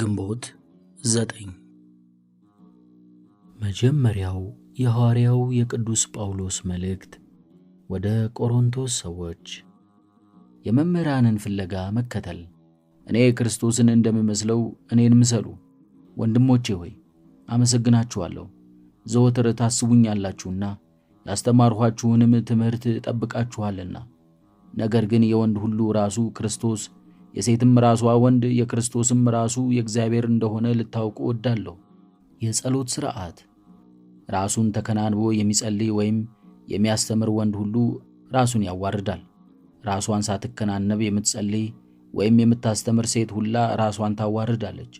ግንቦት ዘጠኝ መጀመሪያው የሐዋርያው የቅዱስ ጳውሎስ መልእክት ወደ ቆሮንቶስ ሰዎች። የመምህራንን ፍለጋ መከተል። እኔ ክርስቶስን እንደምመስለው እኔን ምሰሉ። ወንድሞቼ ሆይ አመሰግናችኋለሁ፣ ዘወትር ታስቡኛላችሁና ያስተማርኋችሁንም ትምህርት ጠብቃችኋልና። ነገር ግን የወንድ ሁሉ ራሱ ክርስቶስ የሴትም ራሷ ወንድ የክርስቶስም ራሱ የእግዚአብሔር እንደሆነ ልታውቁ እወዳለሁ። የጸሎት ሥርዓት ራሱን ተከናንቦ የሚጸልይ ወይም የሚያስተምር ወንድ ሁሉ ራሱን ያዋርዳል። ራሷን ሳትከናነብ የምትጸልይ ወይም የምታስተምር ሴት ሁላ ራሷን ታዋርዳለች፣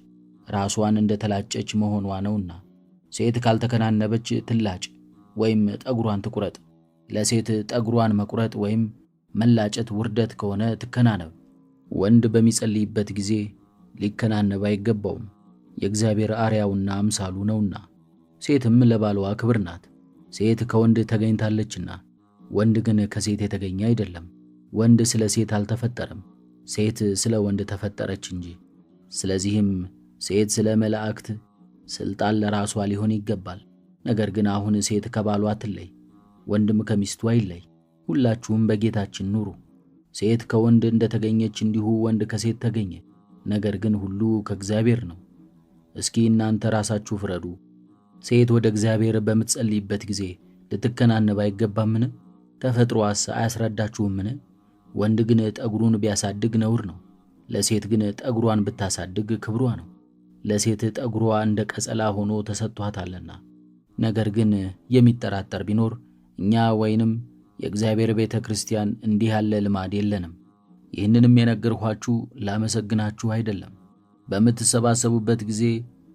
ራሷን እንደተላጨች መሆኗ ነውና። ሴት ካልተከናነበች ትላጭ ወይም ጠጉሯን ትቁረጥ። ለሴት ጠጉሯን መቁረጥ ወይም መላጨት ውርደት ከሆነ ትከናነብ። ወንድ በሚጸልይበት ጊዜ ሊከናነብ አይገባውም፣ የእግዚአብሔር አርያውና አምሳሉ ነውና። ሴትም ለባልዋ ክብር ናት፣ ሴት ከወንድ ተገኝታለችና። ወንድ ግን ከሴት የተገኘ አይደለም። ወንድ ስለ ሴት አልተፈጠረም፣ ሴት ስለ ወንድ ተፈጠረች እንጂ። ስለዚህም ሴት ስለ መላእክት ሥልጣን ለራሷ ሊሆን ይገባል። ነገር ግን አሁን ሴት ከባሏ አትለይ፣ ወንድም ከሚስቱ አይለይ። ሁላችሁም በጌታችን ኑሩ። ሴት ከወንድ እንደተገኘች እንዲሁ ወንድ ከሴት ተገኘ። ነገር ግን ሁሉ ከእግዚአብሔር ነው። እስኪ እናንተ ራሳችሁ ፍረዱ። ሴት ወደ እግዚአብሔር በምትጸልይበት ጊዜ ልትከናነብ አይገባምን? ተፈጥሮዋስ አያስረዳችሁምን? ወንድ ግን ጠጉሩን ቢያሳድግ ነውር ነው፣ ለሴት ግን ጠጉሯን ብታሳድግ ክብሯ ነው። ለሴት ጠጉሯ እንደ ቀጸላ ሆኖ ተሰጥቷታልና። ነገር ግን የሚጠራጠር ቢኖር እኛ ወይንም የእግዚአብሔር ቤተ ክርስቲያን እንዲህ ያለ ልማድ የለንም። ይህንንም የነገርኋችሁ ላመሰግናችሁ አይደለም፣ በምትሰባሰቡበት ጊዜ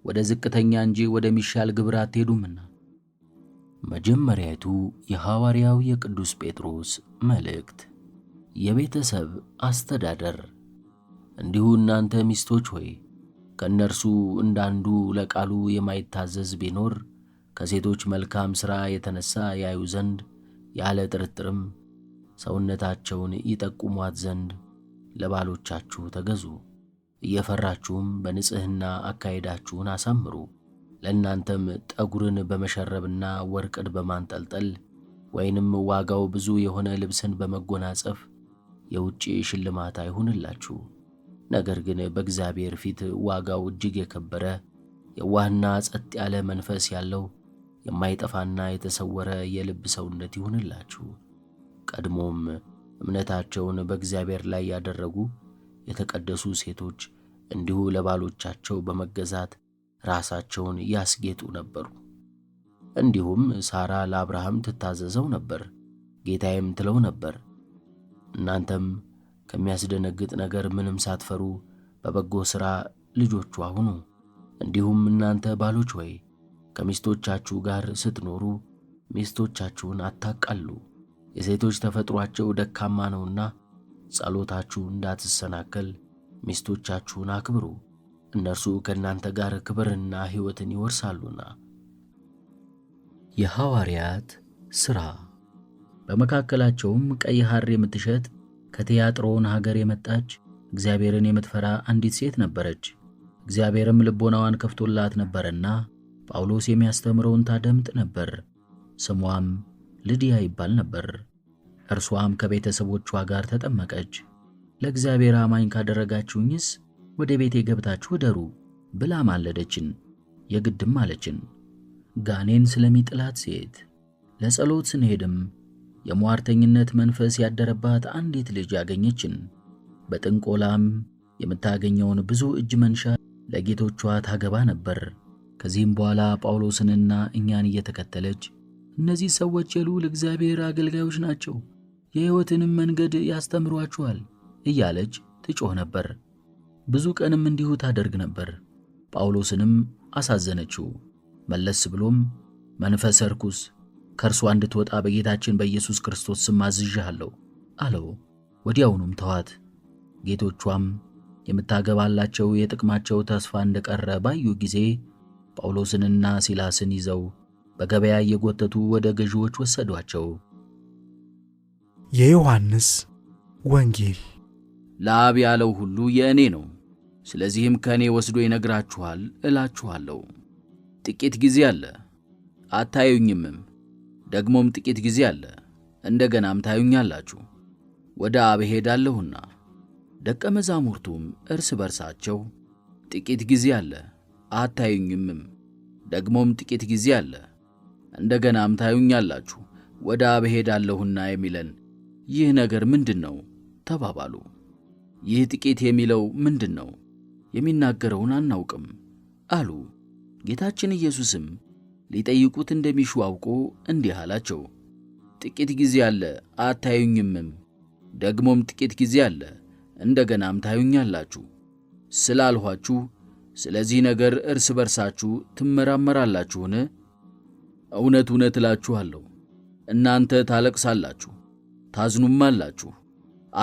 ወደ ዝቅተኛ እንጂ ወደሚሻል ግብር አትሄዱምና። መጀመሪያቱ የሐዋርያው የቅዱስ ጴጥሮስ መልእክት የቤተሰብ አስተዳደር። እንዲሁ እናንተ ሚስቶች ሆይ ከእነርሱ እንዳንዱ ለቃሉ የማይታዘዝ ቢኖር ከሴቶች መልካም ሥራ የተነሣ ያዩ ዘንድ ያለ ጥርጥርም ሰውነታቸውን ይጠቁሟት ዘንድ ለባሎቻችሁ ተገዙ። እየፈራችሁም በንጽሕና አካሄዳችሁን አሳምሩ። ለእናንተም ጠጉርን በመሸረብና ወርቅን በማንጠልጠል ወይንም ዋጋው ብዙ የሆነ ልብስን በመጎናጸፍ የውጭ ሽልማት አይሁንላችሁ። ነገር ግን በእግዚአብሔር ፊት ዋጋው እጅግ የከበረ የዋህና ጸጥ ያለ መንፈስ ያለው የማይጠፋና የተሰወረ የልብ ሰውነት ይሁንላችሁ። ቀድሞም እምነታቸውን በእግዚአብሔር ላይ ያደረጉ የተቀደሱ ሴቶች እንዲሁ ለባሎቻቸው በመገዛት ራሳቸውን ያስጌጡ ነበሩ። እንዲሁም ሳራ ለአብርሃም ትታዘዘው ነበር፣ ጌታዬም ትለው ነበር። እናንተም ከሚያስደነግጥ ነገር ምንም ሳትፈሩ በበጎ ሥራ ልጆቿ ሁኑ። እንዲሁም እናንተ ባሎች ሆይ ከሚስቶቻችሁ ጋር ስትኖሩ ሚስቶቻችሁን አታቃሉ። የሴቶች ተፈጥሯቸው ደካማ ነውና ጸሎታችሁ እንዳትሰናከል ሚስቶቻችሁን አክብሩ፣ እነርሱ ከእናንተ ጋር ክብርና ሕይወትን ይወርሳሉና። የሐዋርያት ሥራ በመካከላቸውም ቀይ ሐር የምትሸጥ ከትያጥሮን ሀገር የመጣች እግዚአብሔርን የምትፈራ አንዲት ሴት ነበረች። እግዚአብሔርም ልቦናዋን ከፍቶላት ነበረና ጳውሎስ የሚያስተምረውን ታደምጥ ነበር። ስሟም ልድያ ይባል ነበር። እርሷም ከቤተሰቦቿ ጋር ተጠመቀች። ለእግዚአብሔር አማኝ ካደረጋችሁኝስ ወደ ቤቴ ገብታችሁ እደሩ ብላ ማለደችን። የግድም አለችን። ጋኔን ስለሚጥላት ሴት ለጸሎት ስንሄድም የሟርተኝነት መንፈስ ያደረባት አንዲት ልጅ ያገኘችን። በጥንቆላም የምታገኘውን ብዙ እጅ መንሻ ለጌቶቿ ታገባ ነበር። ከዚህም በኋላ ጳውሎስንና እኛን እየተከተለች እነዚህ ሰዎች የልዑል እግዚአብሔር አገልጋዮች ናቸው፣ የሕይወትንም መንገድ ያስተምሯችኋል እያለች ትጮህ ነበር። ብዙ ቀንም እንዲሁ ታደርግ ነበር። ጳውሎስንም አሳዘነችው። መለስ ብሎም መንፈሰ ርኩስ ከእርሷ እንድትወጣ በጌታችን በኢየሱስ ክርስቶስ ስም አዝዣለሁ አለው። ወዲያውኑም ተዋት። ጌቶቿም የምታገባላቸው የጥቅማቸው ተስፋ እንደቀረ ባዩ ጊዜ ጳውሎስንና ሲላስን ይዘው በገበያ እየጎተቱ ወደ ገዢዎች ወሰዷቸው። የዮሐንስ ወንጌል ለአብ ያለው ሁሉ የእኔ ነው፣ ስለዚህም ከእኔ ወስዶ ይነግራችኋል እላችኋለሁ። ጥቂት ጊዜ አለ አታዩኝምም፣ ደግሞም ጥቂት ጊዜ አለ እንደገናም ታዩኛላችሁ፣ ወደ አብ እሄዳለሁና። ደቀ መዛሙርቱም እርስ በርሳቸው ጥቂት ጊዜ አለ አታዩኝምም። ደግሞም ጥቂት ጊዜ አለ፣ እንደገናም ታዩኛላችሁ፣ ወደ አብ እሄዳለሁና የሚለን ይህ ነገር ምንድን ነው ተባባሉ። ይህ ጥቂት የሚለው ምንድን ነው? የሚናገረውን አናውቅም አሉ። ጌታችን ኢየሱስም ሊጠይቁት እንደሚሹ አውቆ እንዲህ አላቸው፣ ጥቂት ጊዜ አለ አታዩኝምም፣ ደግሞም ጥቂት ጊዜ አለ እንደገናም ታዩኛላችሁ ስላልኋችሁ ስለዚህ ነገር እርስ በርሳችሁ ትመራመራላችሁን? እውነት እውነት እላችኋለሁ እናንተ ታለቅሳላችሁ፣ ታዝኑም አላችሁ፣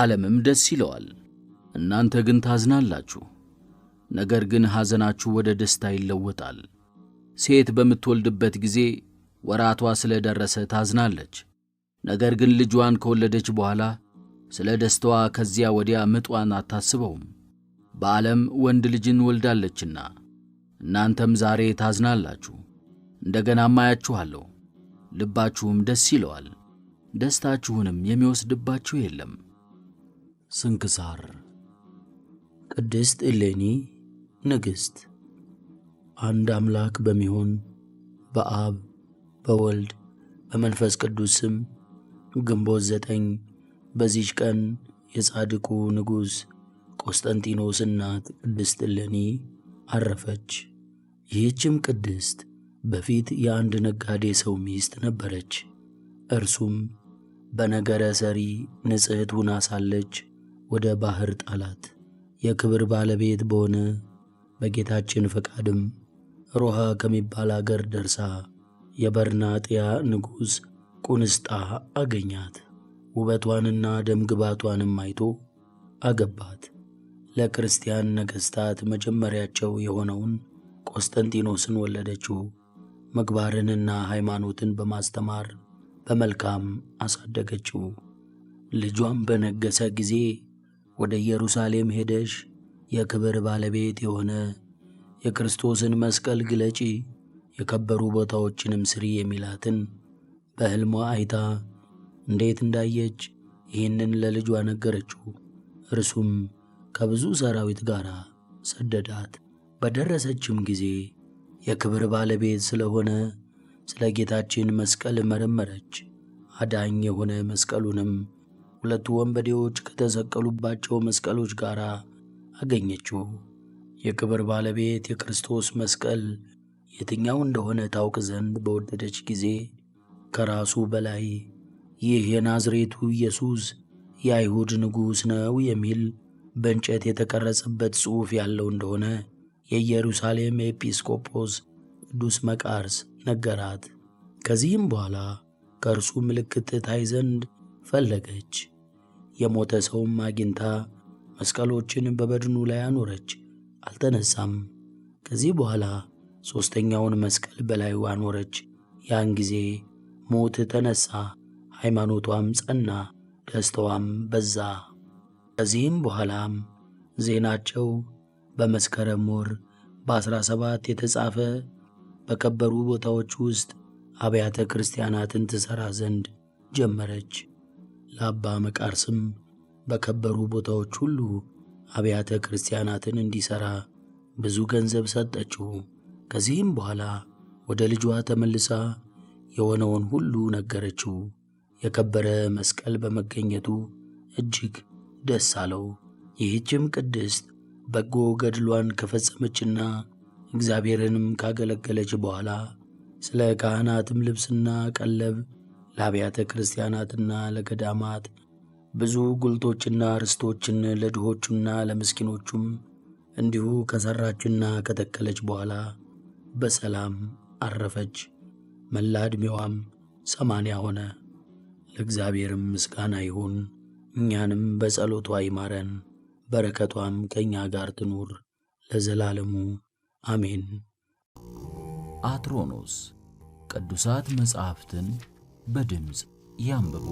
ዓለምም ደስ ይለዋል። እናንተ ግን ታዝናላችሁ። ነገር ግን ሐዘናችሁ ወደ ደስታ ይለወጣል። ሴት በምትወልድበት ጊዜ ወራቷ ስለ ደረሰ ታዝናለች። ነገር ግን ልጇን ከወለደች በኋላ ስለ ደስታዋ ከዚያ ወዲያ ምጧን አታስበውም። በዓለም ወንድ ልጅን ወልዳለችና እናንተም ዛሬ ታዝናላችሁ፣ እንደገናም ማያችኋለሁ፣ ልባችሁም ደስ ይለዋል፣ ደስታችሁንም የሚወስድባችሁ የለም። ስንክሳር ቅድስት እሌኒ ንግሥት። አንድ አምላክ በሚሆን በአብ በወልድ በመንፈስ ቅዱስ ስም ግንቦት ዘጠኝ በዚች ቀን የጻድቁ ንጉሥ የቆስጠንጢኖስ እናት ቅድስት እሌኒ አረፈች። ይህችም ቅድስት በፊት የአንድ ነጋዴ ሰው ሚስት ነበረች። እርሱም በነገረ ሰሪ ንጽሕት ሁና ሳለች ወደ ባሕር ጣላት። የክብር ባለቤት በሆነ በጌታችን ፈቃድም ሮሃ ከሚባል አገር ደርሳ የበርናጥያ ንጉሥ ቁንስጣ አገኛት። ውበቷንና ደምግባቷንም አይቶ አገባት። ለክርስቲያን ነገሥታት መጀመሪያቸው የሆነውን ቆስጠንጢኖስን ወለደችው። ምግባርንና ሃይማኖትን በማስተማር በመልካም አሳደገችው። ልጇም በነገሰ ጊዜ ወደ ኢየሩሳሌም ሄደሽ የክብር ባለቤት የሆነ የክርስቶስን መስቀል ግለጪ፣ የከበሩ ቦታዎችንም ስሪ የሚላትን በሕልሟ አይታ እንዴት እንዳየች ይህንን ለልጇ ነገረችው። እርሱም ከብዙ ሰራዊት ጋር ሰደዳት። በደረሰችም ጊዜ የክብር ባለቤት ስለሆነ ስለ ጌታችን መስቀል መረመረች። አዳኝ የሆነ መስቀሉንም ሁለቱ ወንበዴዎች ከተሰቀሉባቸው መስቀሎች ጋር አገኘችው። የክብር ባለቤት የክርስቶስ መስቀል የትኛው እንደሆነ ታውቅ ዘንድ በወደደች ጊዜ ከራሱ በላይ ይህ የናዝሬቱ ኢየሱስ የአይሁድ ንጉሥ ነው የሚል በእንጨት የተቀረጸበት ጽሑፍ ያለው እንደሆነ የኢየሩሳሌም ኤጲስቆጶስ ቅዱስ መቃርስ ነገራት። ከዚህም በኋላ ከእርሱ ምልክት ታይ ዘንድ ፈለገች። የሞተ ሰውም አግኝታ መስቀሎችን በበድኑ ላይ አኖረች፣ አልተነሳም። ከዚህ በኋላ ሦስተኛውን መስቀል በላዩ አኖረች። ያን ጊዜ ሞት ተነሳ ሃይማኖቷም ጸና፣ ደስታዋም በዛ። ከዚህም በኋላም ዜናቸው በመስከረም ወር በ17 የተጻፈ በከበሩ ቦታዎች ውስጥ አብያተ ክርስቲያናትን ትሠራ ዘንድ ጀመረች። ለአባ መቃርስም በከበሩ ቦታዎች ሁሉ አብያተ ክርስቲያናትን እንዲሠራ ብዙ ገንዘብ ሰጠችው። ከዚህም በኋላ ወደ ልጇ ተመልሳ የሆነውን ሁሉ ነገረችው። የከበረ መስቀል በመገኘቱ እጅግ ደስ አለው። ይህችም ቅድስት በጎ ገድሏን ከፈጸመችና እግዚአብሔርንም ካገለገለች በኋላ ስለ ካህናትም ልብስና ቀለብ ለአብያተ ክርስቲያናትና ለገዳማት ብዙ ጉልቶችና ርስቶችን ለድሆቹና ለምስኪኖቹም እንዲሁ ከሠራችና ከተከለች በኋላ በሰላም አረፈች። መላ ዕድሜዋም ሰማንያ ሆነ። ለእግዚአብሔርም ምስጋና ይሁን። እኛንም በጸሎቷ ይማረን፣ በረከቷም ከእኛ ጋር ትኑር ለዘላለሙ አሜን። አትሮኖስ ቅዱሳት መጻሕፍትን በድምፅ ያንብቡ።